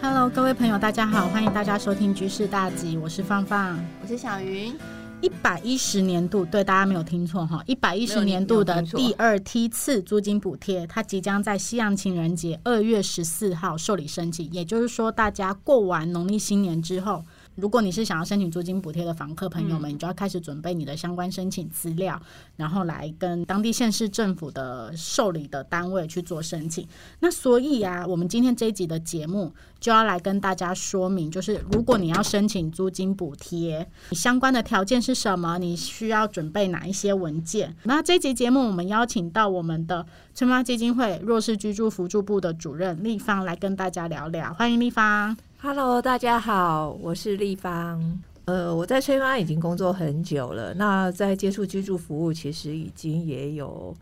Hello，各位朋友，大家好，歡迎大家收聽《居士大吉》，我是芳芳，我是小云。一百一十年度，對，大家沒有聽錯哈，一百一十年度的第二梯次租金補貼，它即將在西洋情人節二月十四號受理申請，也就是說，大家過完農曆新年之後。如果你是想要申請租金補貼的房客朋友們、嗯，你就要開始準備你的相關申請資料，然後來跟當地縣市政府的受理的單位去做申請。那所以啊，我們今天這一集的節目就要來跟大家說明，就是如果你要申請租金補貼，你相關的條件是什麼？你需要準備哪一些文件？那這集節目我們邀請到我們的崔媽媽基金會弱勢居住扶助部的主任麗芳來跟大家聊聊，歡迎麗芳。Hello，大家好，我是麗芳。呃，我在崔媽媽已經工作很久了，那在接觸居住服務其實已經也有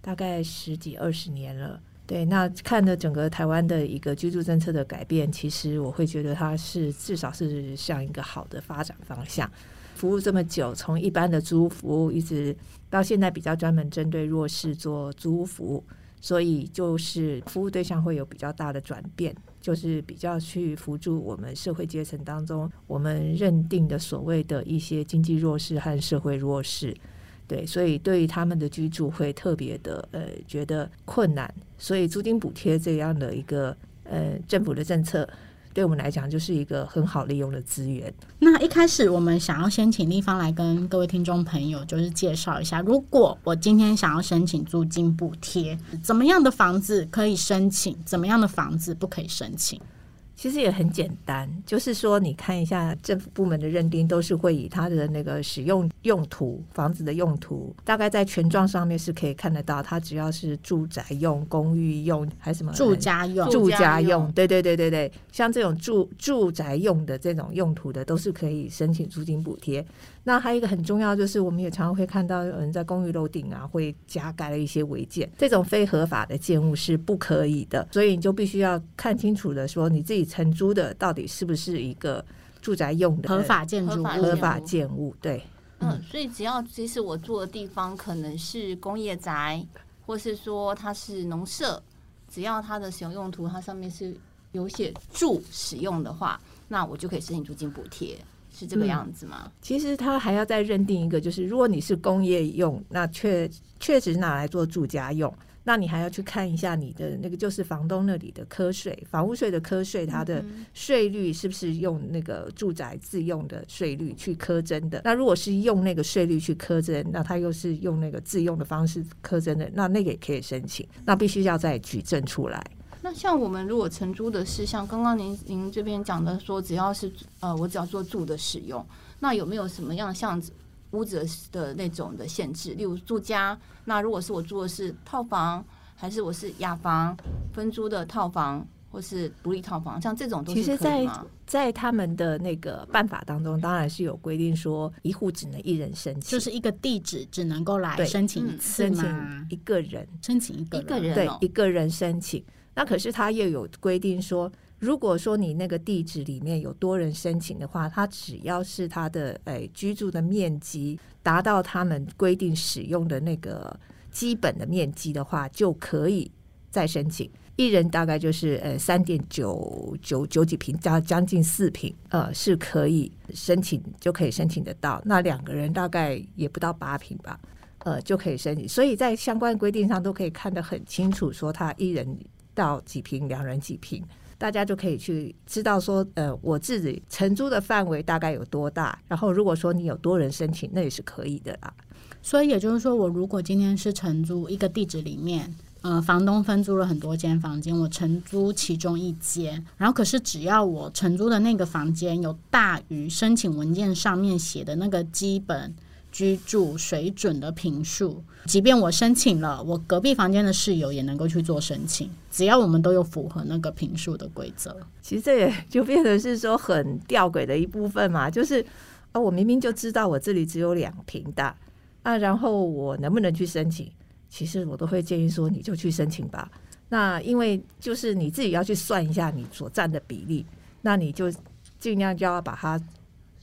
大概十幾二十年了，對，那看着整個台灣的一個居住政策的改變，其實我會覺得它是至少是向一個好的發展方向。服務這麼久，從一般的租屋服務一直到現在比較專門針對弱勢做租屋服務，所以就是服務對象會有比較大的轉變。就是比較去輔助我們社會階層當中，我們認定的所謂的一些經濟弱勢和社會弱勢，對，所以對於他們的居住會特別的呃覺得困難，所以租金補貼這樣的一個呃政府的政策，對我們來講就是一個很好利用的資源。那一開始，我們想要先請麗芳來跟各位聽眾朋友，就是介紹一下，如果我今天想要申請租金補貼，怎麼樣的房子可以申請，怎麼樣的房子不可以申請。其實也很簡單，就是說你看一下政府部門的認定，都是會以它的那個使用用途、房子的用途，大概在權狀上面是可以看得到。它只要是住宅用、公寓用，還是什麼住家用、住家用？對對對對對，像這種住住宅用的這種用途的，都是可以申請租金補貼。那還有一個很重要，就是我們也常常會看到有人在公寓樓頂啊，會加蓋了一些違建，這種非合法的建物是不可以的，所以你就必須要看清楚的說你自己。承租的到底是不是一個住宅用的合法建築？合法建物,合法建物對。嗯，所以只要其實我住的地方可能是工業宅，或是說它是農舍，只要它的使用用途它上面是有寫住使用的話，那我就可以申請租金補貼，是這個樣子嗎、嗯？其實他還要再認定一個，就是如果你是工業用，那確確實拿來做住家用。那你還要去看一下你的那個，就是房東那裡的課稅，房屋稅的課稅，它的稅率是不是用那個住宅自用的稅率去課徵的？那如果是用那個稅率去課徵，那它又是用那個自用的方式課徵的，那那個也可以申請，那必須要再舉證出來。那像我們如果承租的是像剛剛您您這邊講的說，只要是呃我只要做住的使用，那有沒有什麼樣的像屋子的那種的限制，例如住家。那如果是我住的是套房，還是我是雅房、分租的套房，或是獨立套房，像這種東西，其實在在他們的那個辦法當中，當然是有規定說，一戶只能一人申請，就是一個地址只能夠來申請、嗯、申請一次嗎？一個人申請一個一個人，對，一個人申請。那可是他又有規定說。如果說你那個地址裡面有多人申請的話，他只要是他的誒、呃、居住的面積達到他們規定使用的那個基本的面積的話，就可以再申請。一人大概就是呃三點九九九幾平，將將近四平，呃是可以申請就可以申請得到。那兩個人大概也不到八平吧，呃就可以申請。所以在相關規定上都可以看得很清楚，說他一人到幾平，兩人幾平。大家就可以去知道說，呃，我自己承租的範圍大概有多大。然後，如果說你有多人申請，那也是可以的啦。所以也就是說，我如果今天是承租一個地址裡面，呃，房東分租了很多間房間，我承租其中一間，然後可是只要我承租的那個房間有大於申請文件上面寫的那個基本。居住水準的坪數，即便我申請了，我隔壁房間的室友也能夠去做申請，只要我們都有符合那個坪數的規則。其實這也就變成是說很吊詭的一部分嘛，就是啊、哦，我明明就知道我這裡只有兩坪的，啊，然後我能不能去申請？其實我都會建議說，你就去申請吧。那因為就是你自己要去算一下你所占的比例，那你就盡量就要把它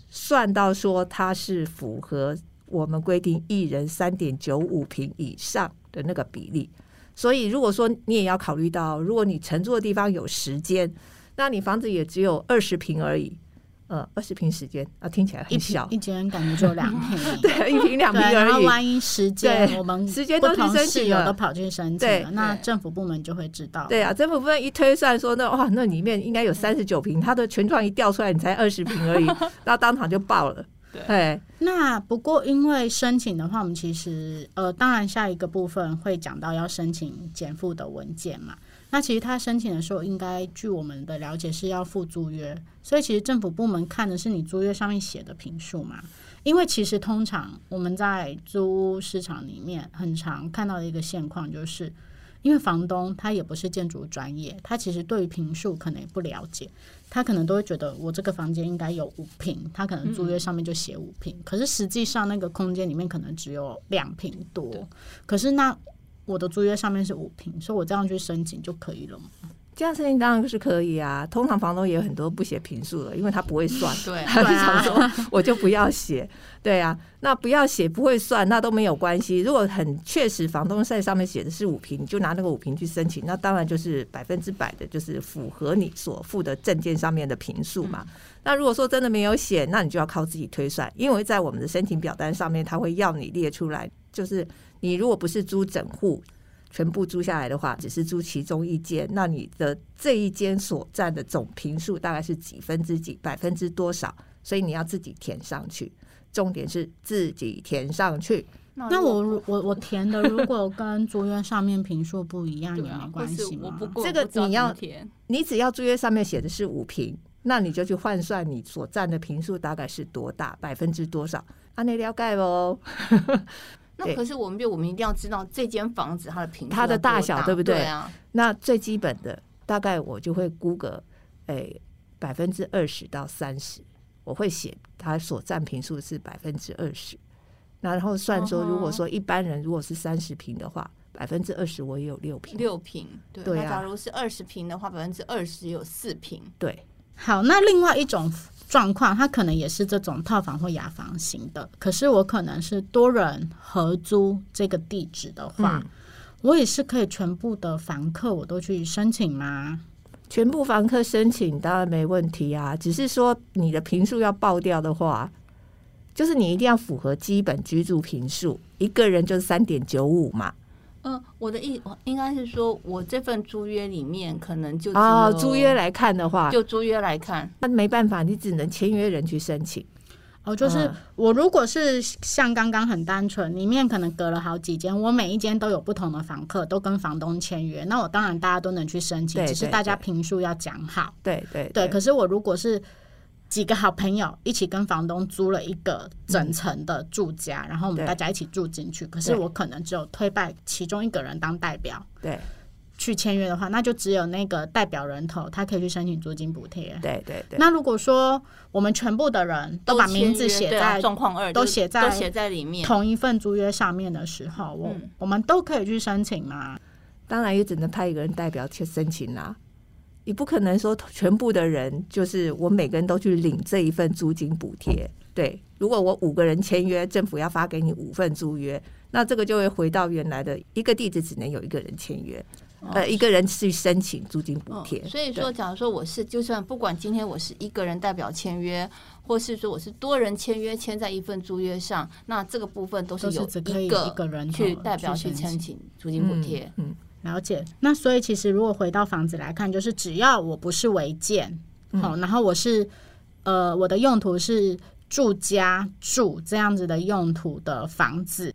算到說它是符合。我們規定一人三點九五坪以上的那個比例，所以如果說你也要考慮到，如果你承租的地方有十間，那你房子也只有二十坪而已。呃，二十坪，十間啊，聽起來很小一，一間感覺就兩坪， 對，一坪兩坪而已。然後萬一十間，我們十間都是室友的跑去申請，那政府部門就會知道。對啊，政府部門一推算說，那哇，那裡面應該有三十九坪，它的權狀一調出來，你才二十坪而已， 那當場就爆了。對，對，那不過因為申請的話，我們其實呃，當然下一個部分會講到要申請減負的文件嘛。那其實他申請的時候，應該據我們的了解是要附租約，所以其實政府部門看的是你租約上面寫的坪數嘛。因為其實通常我們在租屋市場裡面，很常看到的一個現況就是，因為房東他也不是建築專業，他其實對於坪數可能也不了解。他可能都會覺得我這個房間應該有五坪，他可能租約上面就寫五坪，可是實際上那個空間裡面可能只有兩坪多，可是那我的租約上面是五坪，所以我這樣去申請就可以了嘛？這樣申請當然是可以啊。通常房東也有很多不寫坪數的，因為他不會算，對啊，他就想說我就不要寫。 對啊，那不要寫不會算，那都沒有關係。如果很確實，房東在上面寫的是五坪，你就拿那個五坪去申請，那當然就是百分之百的，就是符合你所附的證件上面的坪數嘛，嗯。那如果說真的沒有寫，那你就要靠自己推算，因為在我們的申請表單上面，他會要你列出來，就是你如果不是租整戶。全部租下來的話，只是租其中一間，那你的這一間所占的總坪數大概是幾分之幾、百分之多少？所以你要自己填上去。重點是自己填上去。那我那我我，我填的如果跟租約上面坪數不一樣 也沒關係嗎、啊就是我不我？這個你要填，你只要租約上面寫的是五坪，那你就去換算你所占的坪數大概是多大、百分之多少？按、啊、你了解嘍。 那可是我們就我們一定要知道這間房子它的平、欸、它的大小對不對？對啊、那最基本的大概我就會估個、欸，哎，百分之二十到三十，我會寫它所占平數是百分之二十。那然後算說，如果說一般人如果是三十平的話，百分之二十我也有六平，六平對，對、啊。那假如是二十平的話，百分之二十有四平，對。好，那另外一種狀況，它可能也是這種套房或雅房型的。可是我可能是多人合租這個地址的話，嗯，我也是可以全部的房客我都去申請嗎？全部房客申請當然沒問題啊，只是說你的坪數要爆掉的話，就是你一定要符合基本居住坪數，一個人就是三點九五嘛。嗯、呃，我的意應該是說，我這份租約裡面可能就啊、哦，租約來看的話，就租約來看，那沒辦法，你只能簽約人去申請。哦，就是我如果是像剛剛很單純，裡面可能隔了好幾間，我每一間都有不同的房客，都跟房東簽約，那我當然大家都能去申請，對對對，只是大家評述要講好。對對對，對，對，可是我如果是。幾個好朋友一起跟房東租了一個整層的住家，嗯，然後我們大家一起住進去。可是我可能只有推派其中一個人當代表，對，去簽約的話，那就只有那個代表人頭，他可以去申請租金補貼。對對對。那如果說我們全部的人都把名字寫在、啊、狀況二，都寫在都寫在裡面同一份租約上面的時候，我我們都可以去申請嗎？當然也只能派一個人代表去申請啦、啊。你不可能說全部的人就是我每個人都去領這一份租金補貼。對，如果我五個人簽約，政府要發給你五份租約，那這個就會回到原來的一個地址只能有一個人簽約，哦、呃，一個人去申請租金補貼、哦。所以說，假如說我是就算不管今天我是一個人代表簽約，或是說我是多人簽約簽在一份租約上，那這個部分都是有可以一個人去代表去申請租金補貼。嗯。嗯了解，那所以其實如果回到房子來看，就是只要我不是違建，好、嗯，然後我是呃我的用途是住家住這樣子的用途的房子，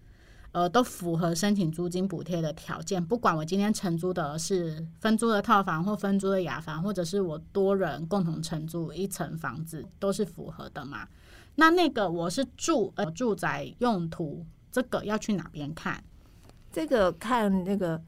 呃，都符合申請租金補貼的條件。不管我今天承租的是分租的套房或分租的雅房，或者是我多人共同承租一層房子，都是符合的嘛？那那個我是住、呃、住宅用途，這個要去哪邊看？這個看那個。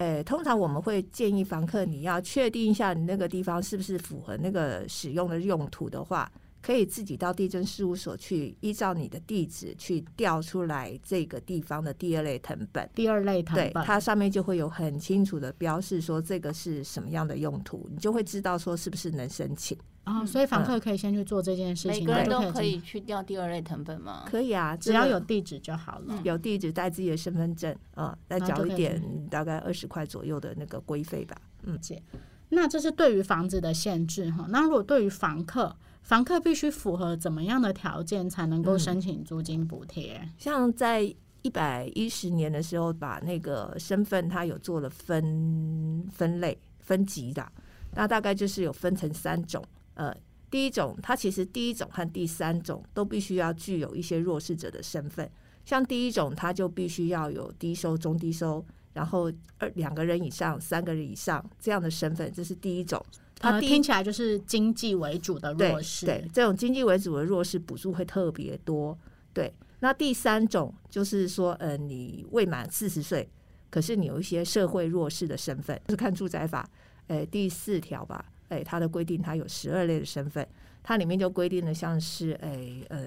誒、欸，通常我們會建議房客，你要確定一下你那個地方是不是符合那個使用的用途的話，可以自己到地政事務所去，依照你的地址去調出來這個地方的第二類謄本。第二類謄本，對，它上面就會有很清楚的標示說這個是什麼樣的用途，你就會知道說是不是能申請。哦，所以房客可以先去做這件事情。嗯、每個人都可以去調第二類謄本嗎？可以啊，只要有地址就好了。嗯、有地址帶自己的身份證，呃、嗯嗯，再繳一點大概二十塊左右的那個規費吧。嗯，姐，那這是對於房子的限制哈。那如果對於房客，房客必須符合怎麼樣的條件才能夠申請租金補貼、嗯？像在一百一十年的時候，把那個身份它有做了分分類分級的，那大概就是有分成三種。呃，第一種，它其實第一種和第三種都必須要具有一些弱勢者的身份。像第一種，它就必須要有低收、中低收，然後二兩個人以上、三個人以上這樣的身份，這是第一種。它第一、呃、聽起來就是經濟為主的弱勢，對，對這種經濟為主的弱勢補助會特別多。對，那第三種就是說，呃，你未滿四十歲，可是你有一些社會弱勢的身份，就是看住宅法，呃，第四條吧。誒、欸，它的規定，它有十二類的身份，它裡面就規定了，像是誒，嗯、欸呃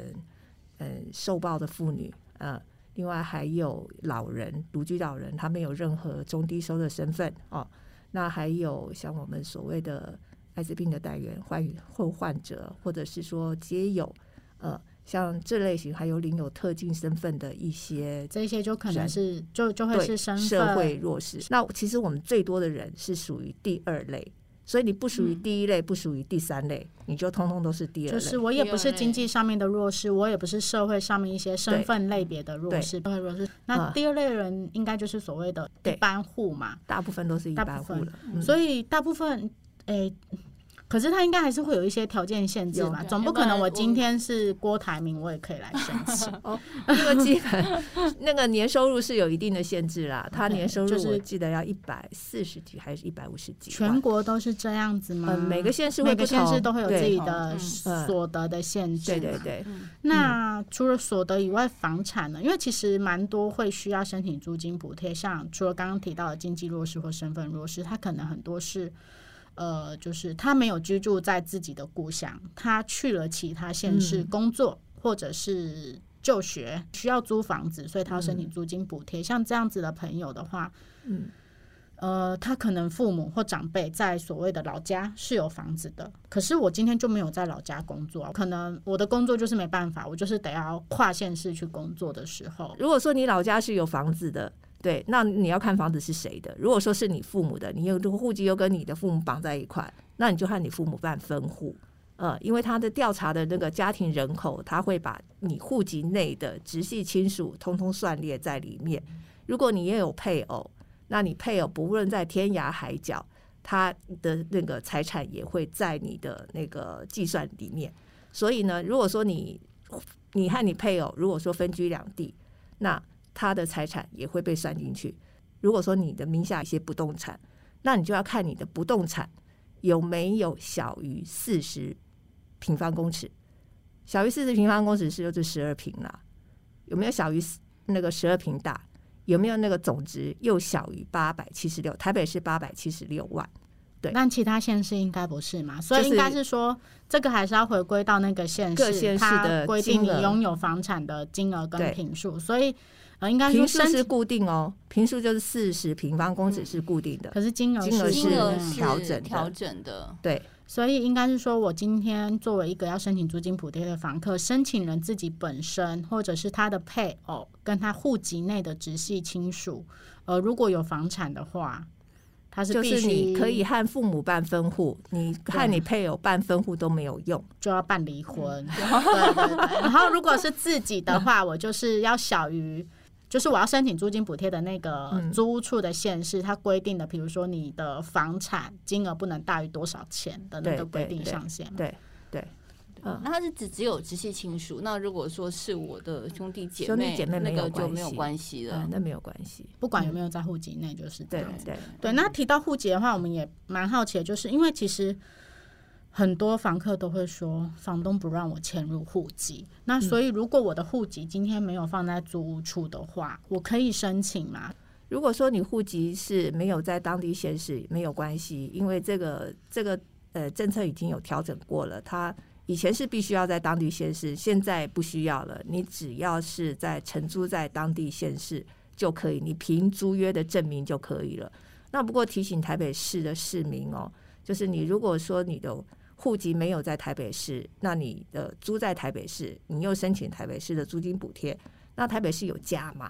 呃，受暴的婦女，嗯、呃，另外還有老人獨居老人，他沒有任何中低收的身份哦。那還有像我們所謂的艾滋病的帶原患患患者，或者是說街友呃，像這類型，還有領有特境身份的一些這些，就可能是就就會是社會弱勢。那其實我們最多的人是屬於第二類。所以你不屬於第一類，嗯、不屬於第三類，你就通通都是第二類。就是我也不是經濟上面的弱勢，我也不是社會上面一些身份類別的弱勢。那第二類人應該就是所謂的“一般戶”嘛。大部分都是一般戶、嗯、所以大部分誒。欸可是他應該還是會有一些條件限制嘛，總不可能我今天是郭台銘，我也可以來申請。那個 基本那個年收入是有一定的限制啦， 他年收入我記得要一百四十幾，還是一百五十幾？全國都是這樣子嗎？嗯、每個縣市每個縣市都會有自己的所得的限制。對對對、嗯。那除了所得以外，房產呢？因為其實蠻多會需要申請租金補貼，像除了剛剛提到的經濟弱勢或身份弱勢，他可能很多是。呃，就是他沒有居住在自己的故鄉，他去了其他縣市工作、嗯、或者是就學，需要租房子，所以他要申請租金補貼、嗯。像這樣子的朋友的話，嗯，呃，他可能父母或長輩在所謂的老家是有房子的，可是我今天就沒有在老家工作，可能我的工作就是沒辦法，我就是得要跨縣市去工作的時候。如果說你老家是有房子的。對，那你要看房子是誰的。如果說是你父母的，你又這個戶籍又跟你的父母綁在一塊，那你就和你父母辦分戶。呃，因為他的調查的那個家庭人口，他會把你戶籍內的直系親屬通通算列在裡面。如果你也有配偶，那你配偶不論在天涯海角，他的那個財產也會在你的那個計算裡面。所以呢，如果說你你和你配偶如果說分居兩地，那他的財產也會被算進去。如果說你的名下有一些不動產，那你就要看你的不動產有沒有小於四十平方公尺，小於四十平方公尺是就是十二平了、啊。有沒有小於那個十二平大？有沒有那個總值又小於八百七十六？台北是八百七十六萬，對。但其他縣市應該不是嘛？所以應該是說，這個還是要回歸到那個縣市，他規定你擁有房產的金額跟坪數，所以。啊，4... 平數是固定哦，平數就是四十平方公尺是固定的，嗯、可是金額金額是調整調整的、嗯。對，所以應該是說我今天作為一個要申請租金補貼的房客，申請人自己本身或者是他的配偶跟他戶籍內的直系親屬，呃，如果有房產的話，他是必須、就是、可以和父母辦分戶，你和你配偶辦分戶都沒有用，就要辦離婚。嗯、對對對對 然後如果是自己的話，我就是要小於。就是我要申請租金補貼的那個租屋處的限制它規定的，比如說你的房產金額不能大於多少錢的那個規定上限。對對，那它是只只有直系親屬。那如果說是我的兄弟姐妹，姐妹那個就沒有關係了，那沒有關係，不管有沒有在戶籍內，就是這樣子。對，那提到戶籍的話，我們也蠻好奇的，就是因為其實。很多房客都會說，房東不讓我遷入戶籍。那所以，如果我的戶籍今天沒有放在租屋處的話，我可以申請嗎？如果說你戶籍是沒有在當地縣市，沒有關係，因為這個這個呃政策已經有調整過了。他以前是必須要在當地縣市，現在不需要了。你只要是在承租在當地縣市就可以，你憑租約的證明就可以了。那不過提醒台北市的市民哦，就是你如果說你的戶籍沒有在台北市，那你的租在台北市，你又申請台北市的租金補貼，那台北市有加碼，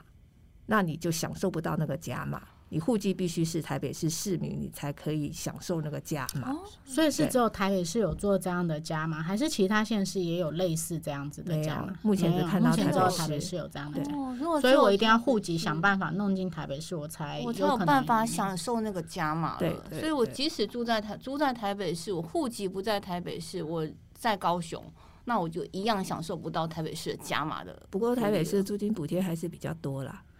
那你就享受不到那個加碼。你戶籍必須是台北市市民，你才可以享受那個加碼、哦。所以是只有台北市有做這樣的加碼，還是其他縣市也有類似這樣子的加碼、啊？目前只看到台北，只台,北台北市有這樣的加碼、哦。所以我一定要戶籍、嗯、想辦法弄進台北市，我才可我才有辦法享受那個加碼。對，對，對，對，對，所以我即使住在台住在台北市，我戶籍不在台北市，我在高雄，那我就一樣享受不到台北市的加碼的。不過台北市的租金補貼還是比較多啦。對對對。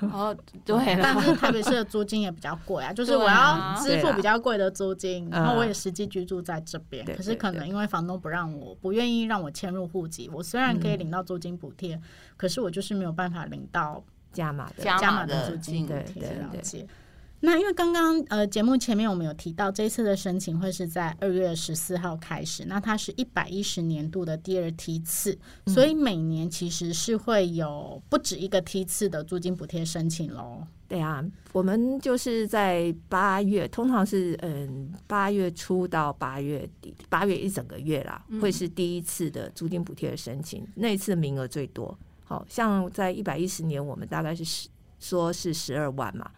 然後對，但是台北市的租金也比較貴啊，就是我要支付比較貴的租金，然後我也實際居住在這邊，可是可能因為房東不讓我不願意讓我遷入戶籍，我雖然可以領到租金補貼，可是我就是沒有辦法領到加碼的加碼的租金，對，了解。那因為剛剛呃節目前面我們有提到，這一次的申請會是在二月十四號開始，那它是一百一十年度的第二梯次，嗯，所以每年其實是會有不止一個梯次的租金補貼申請咯。對啊，我們就是在八月，通常是嗯八月初到八月底，八月一整個月啦、嗯，會是第一次的租金補貼的申請，那一次名額最多，好像在一百一十年我們大概是十說是十二萬嘛。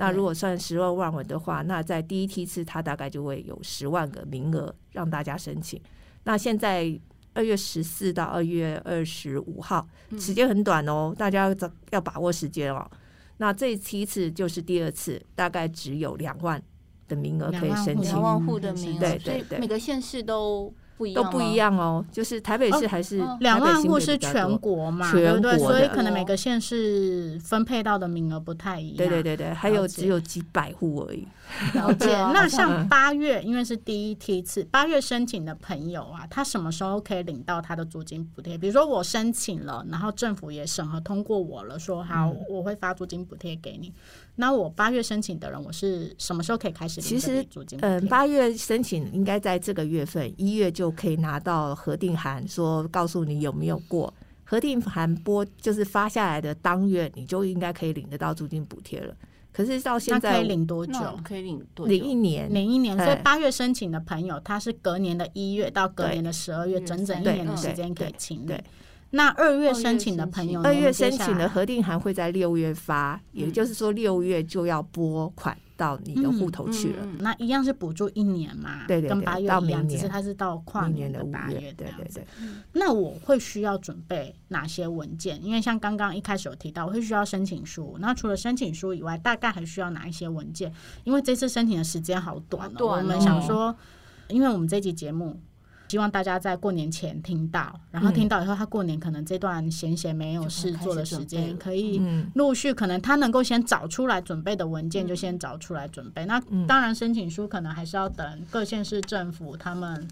那如果算十萬萬文的話，那在第一梯次，它大概就會有十萬個名額讓大家申請。那現在二月十四到二月二十五號，時間很短哦，大家要把握時間哦。那這梯次就是第二次，大概只有兩萬的名額可以申請，兩萬戶的名額，對對對，所以每個縣市都。不都不一樣哦，哦，就是台北市還是兩、哦哦、萬戶是全國嘛，全國，對不對？所以可能每個縣市分配到的名額不太一樣、哦。對對對對，還有只有幾百戶而已。了解。 了解，那像八月，因為是第一梯次，八月申請的朋友啊，他什麼時候可以領到他的租金補貼？比如說我申請了，然後政府也審核通過我了，說好、嗯、我會發租金補貼給你。那我八月申請的人，我是什麼時候可以開始領租金補貼？其實，嗯、呃，八月申請應該在這個月份，一月就可以拿到核定函，說告訴你有沒有過核定函撥，就是發下來的當月，你就應該可以領得到租金補貼了。可是到現在可以領多久？可以領多久？領一年，領一年。一年所以八月申請的朋友，嗯、他是隔年的一月到隔年的十二月，整整一年的時間可以領，對。對對對那二月申請的朋友二七七，二月申請的核定函會在六月發，嗯、也就是說六月就要撥款到你的戶頭去了、嗯嗯。那一樣是補助一年嘛？對對對，跟八月一樣，其實它是到跨年的八月這樣子。8, 對,對對對。那我會需要準備哪些文件？因為像剛剛一開始有提到，我會需要申請書。那除了申請書以外，大概還需要哪一些文件？因為這次申請的時間好短、喔啊、哦。我們想說，因為我們這集節目。希望大家在過年前聽到，然後聽到以後，他過年可能這段閒閒沒有事做的時間，可以陸續可能他能夠先找出來準備的文件，就先找出來準備。嗯、那當然，申請書可能還是要等各縣市政府他們，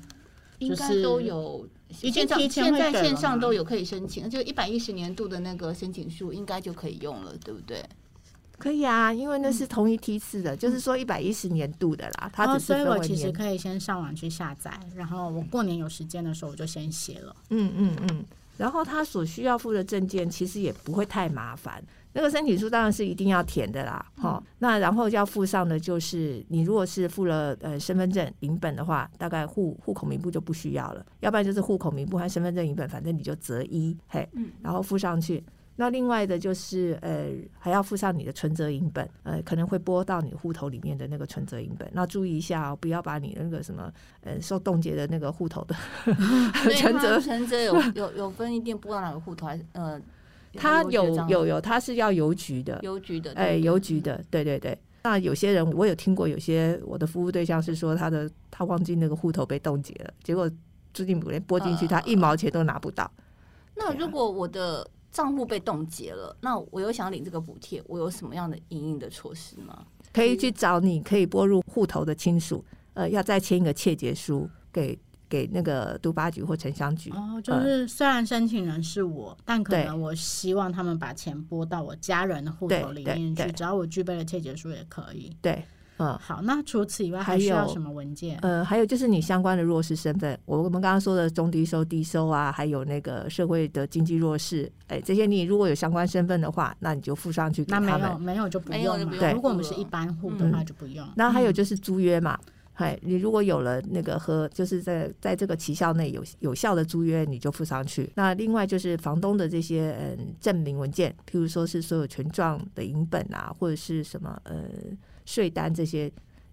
應該都有已經提前，現在線上都有可以申請，就一百一十年度的那個申請書應該就可以用了，對不對？可以啊，因為那是同一梯次的、嗯，就是說一百一十年度的啦。他、嗯嗯、所以我其實可以先上網去下載，然後我過年有時間的時候，我就先寫了。嗯嗯嗯。然後，他所需要附的證件其實也不會太麻煩。那個申請書當然是一定要填的啦。好、嗯哦，那然後要附上的就是，你如果是附了呃身份證影本的話，大概戶戶口名簿就不需要了。要不然就是戶口名簿和身份證影本，反正你就擇一，嘿。嗯、然後附上去。那另外的就是，呃，還要附上你的存摺影本，呃，可能會撥到你戶頭裡面的那個存摺影本。那注意一下哦，不要把你那個什麼，呃，受凍結的那個戶頭的， 的存摺。 存摺有有有分一定撥到哪個戶頭還是呃，他有有有，他是要郵局的郵局的，哎，郵、欸、局的，對對對。那有些人我有聽過，有些我的服務對象是說他的他忘記那個戶頭被凍結了，結果租金補貼撥進去、呃，他一毛錢都拿不到。呃啊、那如果我的。賬戶被凍結了，那我又想領這個補貼，我有什麼樣的因應的措施嗎？可以去找你可以撥入戶頭的親屬，呃，要再簽一個切結書給給那個都發局或城鄉局。哦，就是雖然申請人是我，嗯、但可能我希望他們把錢撥到我家人的戶頭裡面去，只要我具備了切結書也可以。對。嗯，好，那除此以外，還需要什麼文件？呃，還有就是你相關的弱勢身份、嗯，我們剛剛說的中低收、低收啊，還有那個社會的經濟弱勢，哎，這些你如果有相關身份的話，那你就附上去給他們。那沒有，沒有就不用，沒有就不用。如果我們是一般戶的話，就不用、嗯。那還有就是租約嘛，哎、嗯，你如果有了那個和就是在在這個期限內有有效的租約，你就附上去。那另外就是房東的這些嗯證明文件，譬如說是所有權狀的影本啊，或者是什麼呃。嗯稅單這些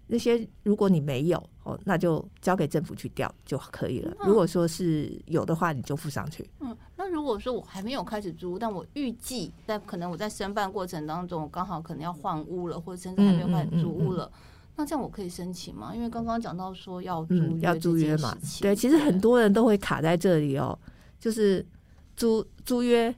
那些，如果你沒有哦，那就交給政府去調就可以了。嗯啊、如果說是有的話，你就附上去。嗯，那如果說我還沒有開始租，但我預計在可能我在申辦過程當中，剛好可能要換屋了，或者甚至還沒有換租屋了，嗯嗯嗯嗯，那這樣我可以申請嗎？因為剛剛講到說要租、嗯、要租約嘛，對，其實很多人都會卡在這裡哦，就是租租約。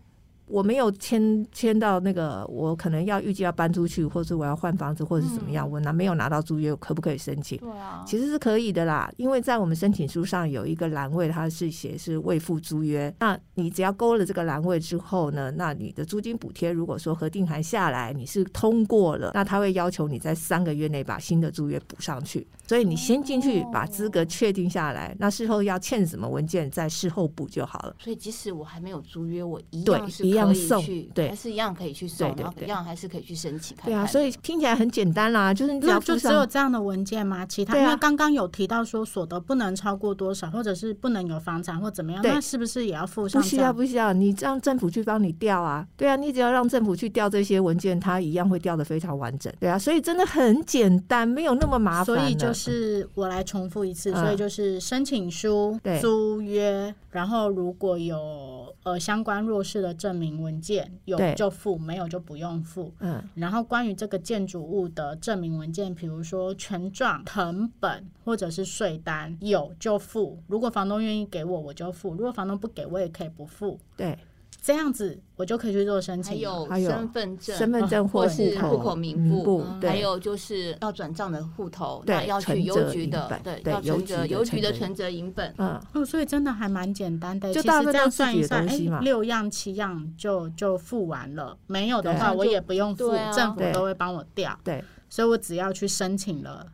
我沒有簽簽到那個，我可能要預計要搬出去，或者我要換房子，或者是怎麼樣，我拿沒有拿到租約，可不可以申請？對啊，其實是可以的啦，因為在我們申請書上有一個欄位，它是寫是未附租約。那你只要勾了這個欄位之後呢，那你的租金補貼如果說核定函下來你是通過了，那他會要求你在三個月內把新的租約補上去。所以你先進去把資格確定下來，那事後要欠什麼文件再事後補就好了。所以即使我還沒有租約，我一樣是，一樣送。對，還是一樣可以去送，一樣還是可以去申請。對啊，所以聽起來很簡單啦，就是你要，那就只有這樣的文件嗎？其他、啊，因為剛剛有提到說，所得不能超過多少，或者是不能有房產或怎麼樣，那是不是也要附上？不需要，不需要，你讓政府去幫你調啊。對啊，你只要讓政府去調這些文件，它一樣會調得非常完整。對啊，所以真的很簡單，沒有那麼麻煩。所以就是我來重複一次，嗯、所以就是申請書、嗯對、租約，然後如果有呃相關弱勢的證明。文件有就付，沒有就不用付。嗯，然後關於這個建築物的證明文件，比如說權狀、謄本或者是稅單，有就付。如果房東願意給我，我就付；如果房東不給，我也可以不付。對。這樣子我就可以去做申請，啊，還有身份證，啊、身份證或，或是戶口名簿，嗯不，還有就是要轉賬的戶頭，對，要去郵局、局的，對，要去郵局的存摺影本。嗯，哦，所以真的還蠻簡單的，就大概，嗯、這樣算一算，哎、欸，六樣七樣就就付完了。沒有的話，我也不用付，啊、政府都會幫我調。對，所以我只要去申請了。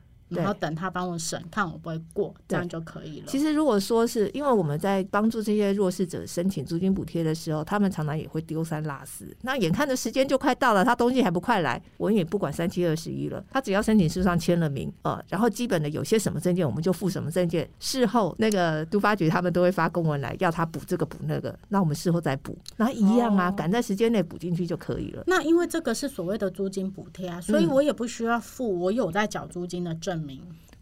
然後等他幫我審，看我不會過，這樣就可以了。其實如果說是因為我們在幫助這些弱勢者申請租金補貼的時候，他們常常也會丟三落四。那眼看的時間就快到了，他東西還不快來，我也不管三七二十一了。他只要申請書上簽了名，呃，然後基本的有些什麼證件，我們就付什麼證件。事後那個都發局他們都會發公文來要他補這個補那個，那我們事後再補，那一樣啊，哦、趕在時間內補進去就可以了。那因為這個是所謂的租金補貼啊，所以我也不需要付，我有在繳租金的證。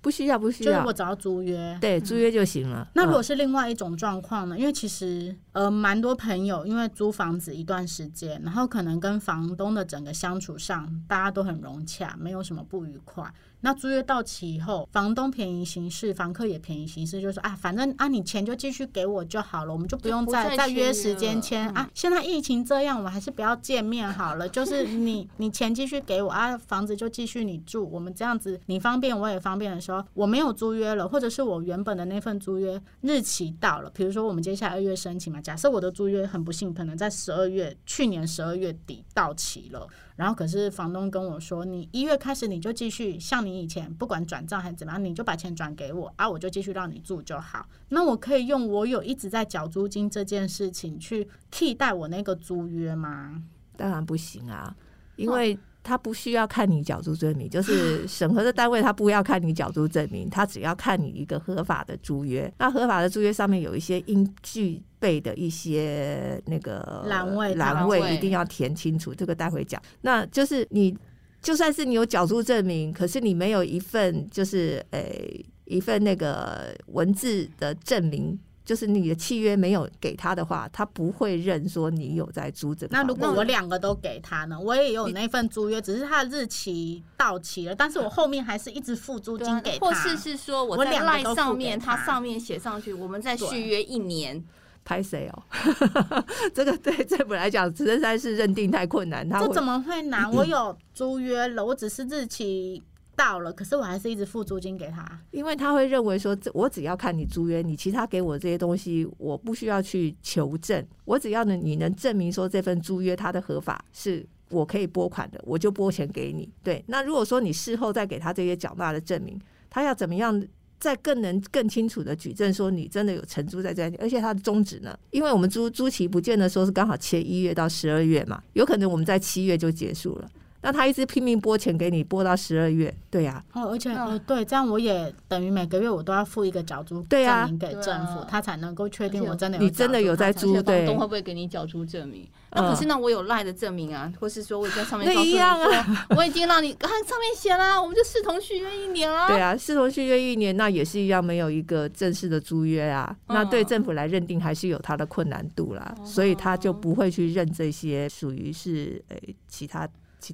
不需要，不需要。就如果只要租約，對，租約就行了。嗯。那如果是另外一種狀況呢？嗯。因為其實呃，蠻多朋友因為租房子一段時間，然後可能跟房東的整個相處上，大家都很融洽，沒有什麼不愉快。那租約到期以後，房東便宜行事，房客也便宜行事，就說啊，反正啊，你錢就繼續給我就好了，我們就不用再不再，再約時間簽、嗯、啊。現在疫情這樣，我們還是不要見面好了。 就是你你錢繼續給我啊，房子就繼續你住，我們這樣子你方便我也方便的時候，我沒有租約了，或者是我原本的那份租約日期到了，比如說我們接下來二月申請嘛，假設我的租約很不幸可能在十二月去年十二月底到期了。然後可是房東跟我說，你一月開始，你就繼續像你以前不管轉賬還是怎麼樣，你就把錢轉給我啊，我就繼續讓你住就好。那我可以用我有一直在繳租金這件事情去替代我那個租約嗎？當然不行啊，因為、哦。他不需要看你繳租證明，就是審核的單位，他不要看你繳租證明，他只要看你一個合法的租約。那合法的租約上面有一些應具備的一些那個欄位，欄位、位一定要填清楚，這個待會講。那就是你就算是你有繳租證明，可是你沒有一份，就是誒、欸、一份那個文字的證明。就是你的契約沒有給他的話，他不會認說你有在租這個。那如果我兩個都給他呢？我也有那份租約，只是他的日期到期了，但是我後面還是一直付租金給他。啊、或是是說我賴上面，他上面寫上去，我們再續約一年。拍誰哦？ 這個對這本來講，實在是認定太困難。他這怎麼會難？我有租約了， 我只是日期到了，可是我還是一直付租金給他，因為他會認為說，我只要看你租約，你其他給我的這些東西，我不需要去求證，我只要呢，你能證明說這份租約它的合法，是我可以撥款的，我就撥錢給你。對，那如果說你事後再給他這些繳納的證明，他要怎麼樣再更能更清楚的舉證說你真的有承租在這裡，而且他的終止呢？因為我們租租期不見得說是剛好簽一月到十二月嘛，有可能我們在七月就結束了。那他一直拼命撥錢給你，撥到十二月，對呀、啊。哦、啊，而且，哦、呃，對，這樣我也等於每個月我都要付一個繳租對呀，給政府、啊啊，他才能夠確定我真的有，你真的有在租？對。房東會不會給你繳租證明？那可是那我有賴的證明啊，或是說我在上面，對，一樣啊，我已經讓你看、啊、上面寫了，我們就視同續約一年了。對啊，視同續約一年，那也是一樣沒有一個正式的租約啊，那對政府來認定還是有它的困難度啦，嗯、所以他就不會去認這些屬於是、呃、其他。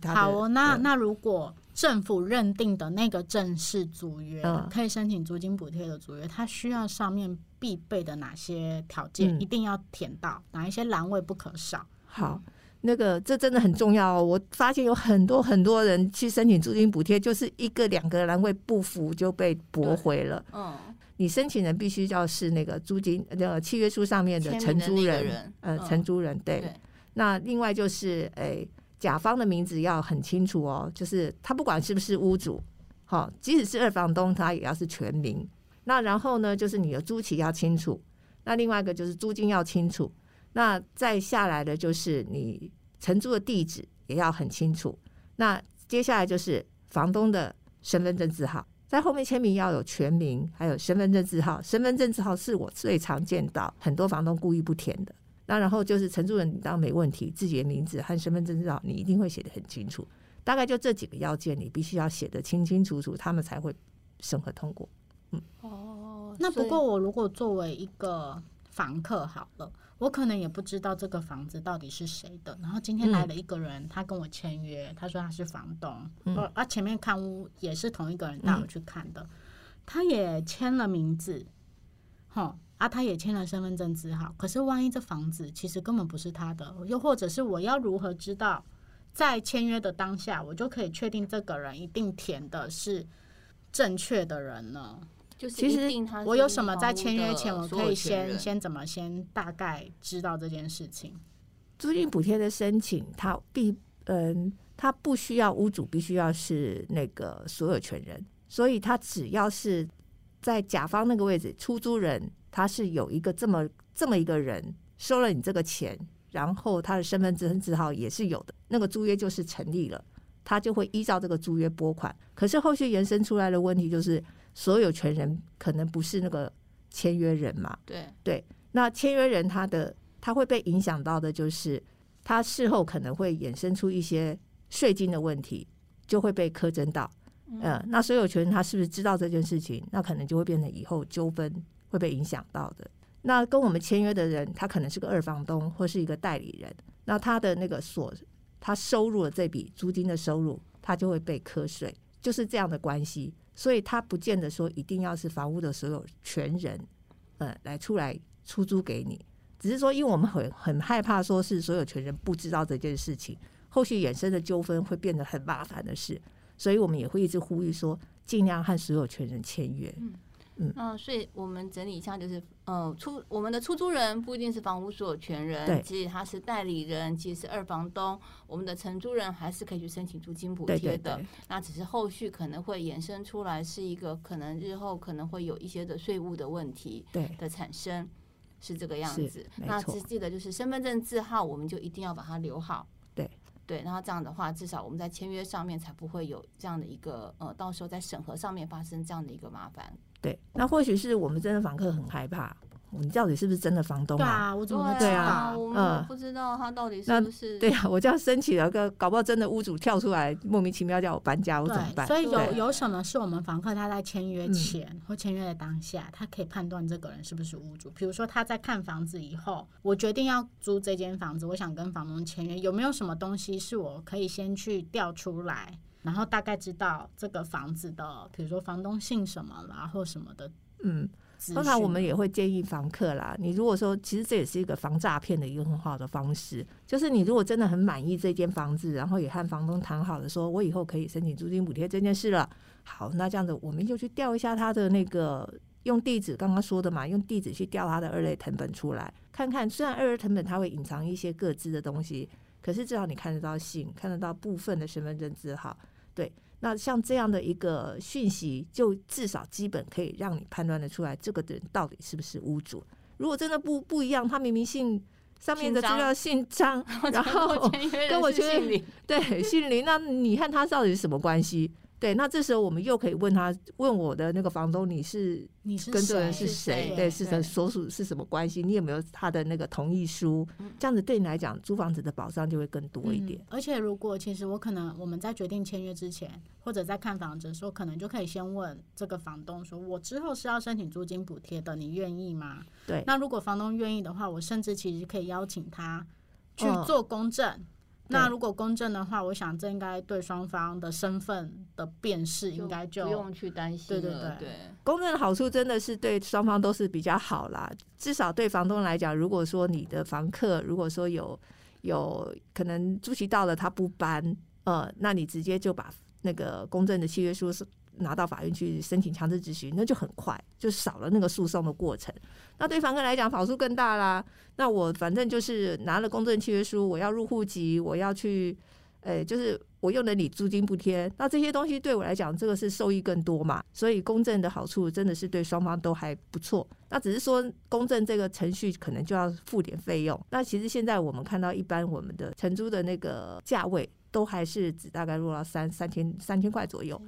好哦，那、嗯、那如果政府認定的那個正式租約，可以申請租金補貼的租約，它、嗯、需要上面必備的哪些條件？一定要填到、嗯、哪一些欄位不可少？好，那個這真的很重要哦。我發現有很多很多人去申請租金補貼，就是一個兩個欄位不符就被駁回了。嗯，你申請人必須要是那個租金的、呃、契約書上面的承租人，人，呃，承、嗯、租人對，對。那另外就是誒。欸甲方的名字要很清楚哦，就是他不管是不是屋主，好，即使是二房東，他也要是全名。那然後呢，就是你的租期要清楚。那另外一個就是租金要清楚。那再下來的就是你承租的地址也要很清楚。那接下來就是房東的身份證字號，在後面簽名要有全名，還有身份證字號。身份證字號是我最常見到，很多房東故意不填的。那然後就是承租人，你倒沒問題，自己的名字和身份證照，你一定會寫得很清楚。大概就這幾個要件，你必須要寫得清清楚楚，他們才會審核通過。嗯，哦，那不過我如果作為一個房客好了，我可能也不知道這個房子到底是誰的。然後今天來了一個人，嗯、他跟我簽約，他說他是房東，我、嗯、啊前面看屋也是同一個人帶我去看的，嗯、他也簽了名字，好。啊，他也簽了身份證字號，可是萬一這房子其實根本不是他的，又或者是我要如何知道在簽約的當下，我就可以確定這個人一定填的是正確的人呢？就是，是其實我有什麼在簽約前，我可以先先怎麼先大概知道這件事情？租金補貼的申請，他必嗯，他不需要屋主必須要是那個所有權人，所以他只要是在甲方那個位置出租人。他是有一個這麼這麼一個人收了你這個錢，然後他的身份證字號也是有的，那個租約就是成立了，他就會依照這個租約撥款。可是後續延伸出來的問題就是，所有權人可能不是那個簽約人嘛？對對。那簽約人他的他會被影響到的就是，他事後可能會衍生出一些稅金的問題，就會被課徵到。嗯、呃。那所有權人他是不是知道這件事情？那可能就會變成以後糾紛。會被影響到的。那跟我們簽約的人，他可能是個二房東或是一個代理人，那他的那個所他收入了這筆租金的收入，他就會被課稅，就是這樣的關係。所以，他不見得說一定要是房屋的所有權人，呃、嗯，來出來出租給你。只是說，因為我們很很害怕，說是所有權人不知道這件事情，後續衍生的糾紛會變得很麻煩的事，所以我們也會一直呼籲說，盡量和所有權人簽約。嗯嗯，所以我們整理一下，就是呃、嗯，出我們的出租人不一定是房屋所有權人，其實他是代理人，其實是二房東。我們的承租人還是可以去申請租金補貼的，對對對，那只是後續可能會衍生出來是一個可能日後可能會有一些的稅務的問題的產生，是這個樣子。那只記得就是身份證字號，我們就一定要把它留好。對對，然後這樣的話，至少我們在簽約上面才不會有這樣的一個呃，到時候在審核上面發生這樣的一個麻煩。對，那或許是我們真的房客很害怕，我們到底是不是真的房東啊？對啊，我怎麼知道？對啊，嗯，不知道他到底是不是、嗯？對啊，我就要申請了一個，搞不好真的屋主跳出來，莫名其妙叫我搬家，我怎麼辦？所以有有什麼是我們房客他在簽約前或簽約的當下，他可以判斷這個人是不是屋主？比如說他在看房子以後，我決定要租這間房子，我想跟房東簽約，有沒有什麼東西是我可以先去調出來？然後大概知道這個房子的，比如說房東姓什麼啦，然後什麼的，嗯，通常我們也會建議房客啦。你如果說其實這也是一個防詐騙的一個很好的方式，就是你如果真的很滿意這間房子，然後也和房東談好了，說我以後可以申請租金補貼這件事了。好，那這樣子我們就去調一下他的那個用地址剛剛說的嘛，用地址去調他的二類謄本出來看看。雖然二類謄本它會隱藏一些個資的東西。可是至少你看得到姓，看得到部分的身份證字號。對，那像這樣的一個訊息，就至少基本可以讓你判斷得出來，這個人到底是不是屋主。如果真的不不一樣，他明明姓上面的資料姓張，然後跟我覺得對，姓林，那你和他到底是什麼關係？對，那這時候我們又可以問他，問我的那個房東，你是你是跟這個人是誰，是誰？對，對是所屬是什麼關係？你有沒有他的那個同意書？這樣子對你來講，租房子的保障就會更多一點。嗯，而且，如果其實我可能我們在決定簽約之前，或者在看房子的時候，可能就可以先問這個房東說：我之後是要申請租金補貼的，你願意嗎？對。那如果房東願意的話，我甚至其實可以邀請他去做公證。哦。那如果公證的話，我想這應該對雙方的身份的辨識應該就，就不用去擔心。對對對，公證的好處真的是對雙方都是比較好啦。至少對房東來講，如果說你的房客如果說有有可能租期到了他不搬，呃，那你直接就把那個公證的契約書是。拿到法院去申請強制執行，那就很快，就少了那個訴訟的過程。那對房客來講，好處更大啦。那我反正就是拿了公證契約書，我要入戶籍，我要去，哎、欸，就是我用了你租金補貼。那這些東西對我來講，這個是受益更多嘛。所以公證的好處真的是對雙方都還不錯。那只是說公證這個程序可能就要付點費用。那其實現在我們看到，一般我們的承租的那個價位都還是只大概落到三三千三千塊左右。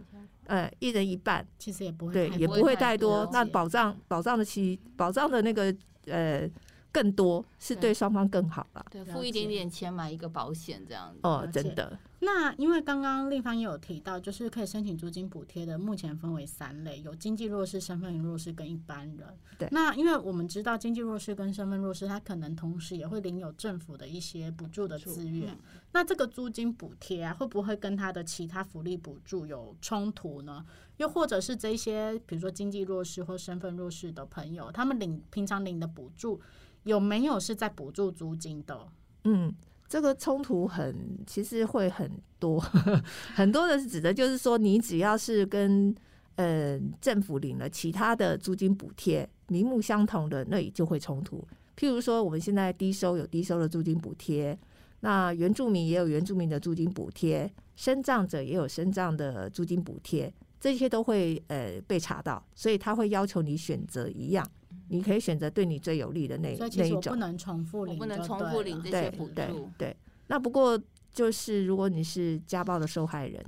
呃、嗯，一人一半，其實也不會對也不會，也不會太多。那保障，保障的期、嗯，保障的那個呃。更多是對雙方更好了。對，付一點點錢買一個保險這樣子。哦，真的。那因為剛剛麗芳也有提到，就是可以申請租金補貼的，目前分為三類：有經濟弱勢、身份弱勢跟一般人。對。那因為我們知道經濟弱勢跟身份弱勢，他可能同時也會領有政府的一些補助的資源。沒錯。那這個租金補貼啊，會不會跟他的其他福利補助有衝突呢？又或者是這些，比如說經濟弱勢或身份弱勢的朋友，他們領平常領的補助？有沒有是在補助租金的？嗯，這個衝突很，其實會很多。呵呵，很多人是指的就是說，你只要是跟嗯、呃、政府領了其他的租金補貼，名目相同的，那也就會衝突。譬如說，我們現在低收有低收的租金補貼，那原住民也有原住民的租金補貼，身障者也有身障的租金補貼，這些都會呃被查到，所以他會要求你選擇一樣。你可以選擇對你最有利的那那一種。所以其實我不能重複領，不能重複領這些補助。對對對。那不過就是如果你是家暴的受害人，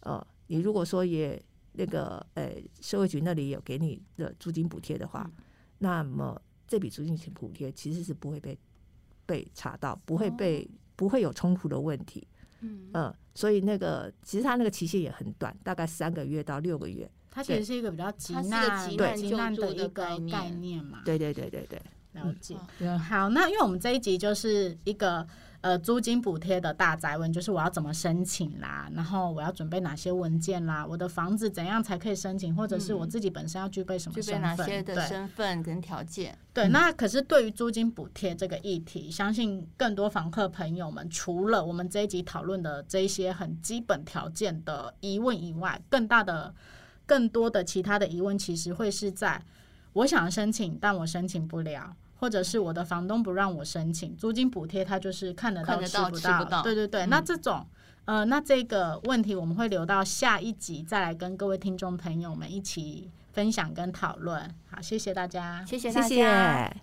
呃，你如果說也那個呃、欸，社會局那裡有給你的租金補貼的話，那麼這筆租金補貼其實是不會被被查到，不會被不會有衝突的問題。嗯。嗯，所以那個其實他那個期限也很短，大概三個月到六個月。它其實是一個比較急難，急難對、急難的一個概念嘛？對對對對對，嗯、了解、哦。好，那因為我們這一集就是一個呃租金補貼的大宅問，就是我要怎麼申請啦，然後我要準備哪些文件啦，我的房子怎樣才可以申請，嗯、或者是我自己本身要具備什麼身份？具備哪些的身份跟條件，對跟條件對、嗯？對，那可是對於租金補貼這個議題，相信更多房客朋友們除了我們這一集討論的這一些很基本條件的疑問以外，更大的。更多的其他的疑問，其實會是在我想申請，但我申請不了，或者是我的房東不讓我申請租金補貼，他就是看得,看得到吃不到。對對對，嗯、那這種呃，那這個問題我們會留到下一集再來跟各位聽眾朋友們一起分享跟討論。好，謝謝大家，謝謝大家。謝謝